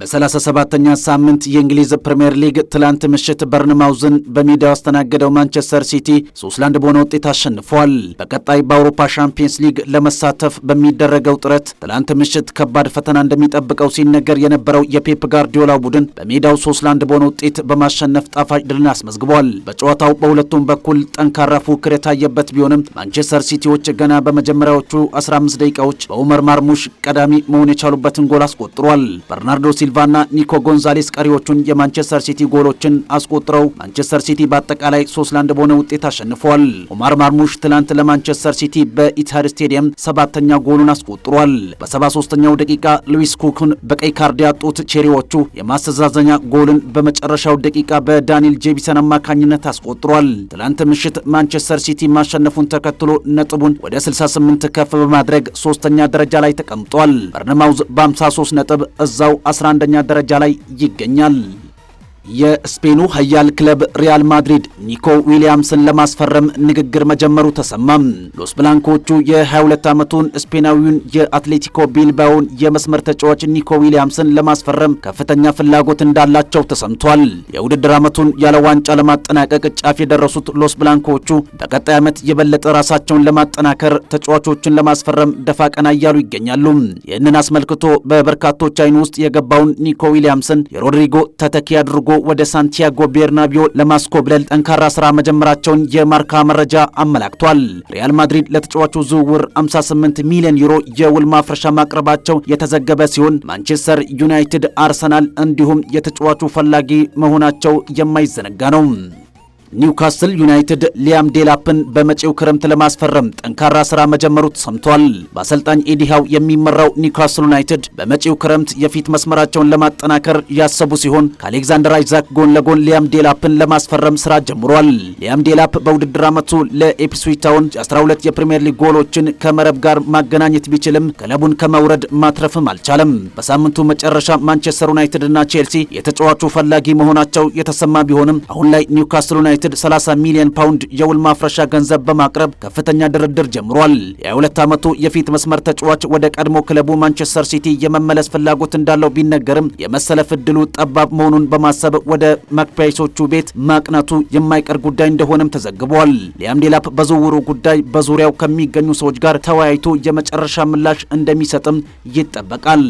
በ37ኛ ሳምንት የእንግሊዝ ፕሪምየር ሊግ ትላንት ምሽት በርንማውዝን በሜዳው ያስተናገደው ማንቸስተር ሲቲ 3 ለ1 በሆነ ውጤት አሸንፏል። በቀጣይ በአውሮፓ ሻምፒየንስ ሊግ ለመሳተፍ በሚደረገው ጥረት ትላንት ምሽት ከባድ ፈተና እንደሚጠብቀው ሲነገር የነበረው የፔፕ ጋርዲዮላ ቡድን በሜዳው 3 ለ1 በሆነ ውጤት በማሸነፍ ጣፋጭ ድልን አስመዝግቧል። በጨዋታው በሁለቱም በኩል ጠንካራ ፉክክር የታየበት ቢሆንም ማንቸስተር ሲቲዎች ገና በመጀመሪያዎቹ 15 ደቂቃዎች በኡመር ማርሙሽ ቀዳሚ መሆን የቻሉበትን ጎል አስቆጥሯል። በርናርዶ ሲልቫና ኒኮ ጎንዛሌስ ቀሪዎቹን የማንቸስተር ሲቲ ጎሎችን አስቆጥረው ማንቸስተር ሲቲ በአጠቃላይ ሶስት ለአንድ በሆነ ውጤት አሸንፏል። ኦማር ማርሙሽ ትላንት ለማንቸስተር ሲቲ በኢትሃድ ስቴዲየም ሰባተኛ ጎሉን አስቆጥሯል። በ73ኛው ደቂቃ ሉዊስ ኩክን በቀይ ካርድ ያጡት ቼሪዎቹ የማስተዛዘኛ ጎልን በመጨረሻው ደቂቃ በዳንኤል ጄቢሰን አማካኝነት አስቆጥሯል። ትላንት ምሽት ማንቸስተር ሲቲ ማሸነፉን ተከትሎ ነጥቡን ወደ 68 ከፍ በማድረግ ሶስተኛ ደረጃ ላይ ተቀምጧል። በርነማውዝ በ53 ነጥብ እዛው 11 አንደኛ ደረጃ ላይ ይገኛል። የስፔኑ ኃያል ክለብ ሪያል ማድሪድ ኒኮ ዊሊያምስን ለማስፈረም ንግግር መጀመሩ ተሰማም። ሎስ ብላንኮቹ የ22 ዓመቱን ስፔናዊውን የአትሌቲኮ ቢልባውን የመስመር ተጫዋች ኒኮ ዊሊያምስን ለማስፈረም ከፍተኛ ፍላጎት እንዳላቸው ተሰምቷል። የውድድር ዓመቱን ያለ ዋንጫ ለማጠናቀቅ ጫፍ የደረሱት ሎስ ብላንኮቹ በቀጣይ ዓመት የበለጠ ራሳቸውን ለማጠናከር ተጫዋቾችን ለማስፈረም ደፋ ቀና እያሉ ይገኛሉ። ይህንን አስመልክቶ በበርካቶች አይን ውስጥ የገባውን ኒኮ ዊሊያምስን የሮድሪጎ ተተኪ አድርጎ ወደ ሳንቲያጎ ቤርናቢዮ ለማስኮብለል ጠንካራ ስራ መጀመራቸውን የማርካ መረጃ አመላክቷል። ሪያል ማድሪድ ለተጫዋቹ ዝውውር 58 ሚሊዮን ዩሮ የውል ማፍረሻ ማቅረባቸው የተዘገበ ሲሆን ማንቸስተር ዩናይትድ፣ አርሰናል እንዲሁም የተጫዋቹ ፈላጊ መሆናቸው የማይዘነጋ ነው። ኒውካስል ዩናይትድ ሊያም ዴላፕን በመጪው ክረምት ለማስፈረም ጠንካራ ስራ መጀመሩ ተሰምቷል። በአሰልጣኝ ኤዲሃው የሚመራው ኒውካስል ዩናይትድ በመጪው ክረምት የፊት መስመራቸውን ለማጠናከር ያሰቡ ሲሆን ከአሌክዛንደር አይዛክ ጎን ለጎን ሊያም ዴላፕን ለማስፈረም ስራ ጀምሯል። ሊያም ዴላፕ በውድድር ዓመቱ ለኢፕስዊች ታውን 12 የፕሪምየር ሊግ ጎሎችን ከመረብ ጋር ማገናኘት ቢችልም ክለቡን ከመውረድ ማትረፍም አልቻለም። በሳምንቱ መጨረሻ ማንቸስተር ዩናይትድ እና ቼልሲ የተጫዋቹ ፈላጊ መሆናቸው የተሰማ ቢሆንም አሁን ላይ ኒውካስል ዩናይትድ ዩናይትድ 30 ሚሊዮን ፓውንድ የውል ማፍረሻ ገንዘብ በማቅረብ ከፍተኛ ድርድር ጀምሯል የሁለት ዓመቱ የፊት መስመር ተጫዋች ወደ ቀድሞ ክለቡ ማንቸስተር ሲቲ የመመለስ ፍላጎት እንዳለው ቢነገርም የመሰለፍ እድሉ ጠባብ መሆኑን በማሰብ ወደ መክፓይሶቹ ቤት ማቅናቱ የማይቀር ጉዳይ እንደሆነም ተዘግቧል። ሊያም ዴላፕ በዝውውሩ ጉዳይ በዙሪያው ከሚገኙ ሰዎች ጋር ተወያይቶ የመጨረሻ ምላሽ እንደሚሰጥም ይጠበቃል።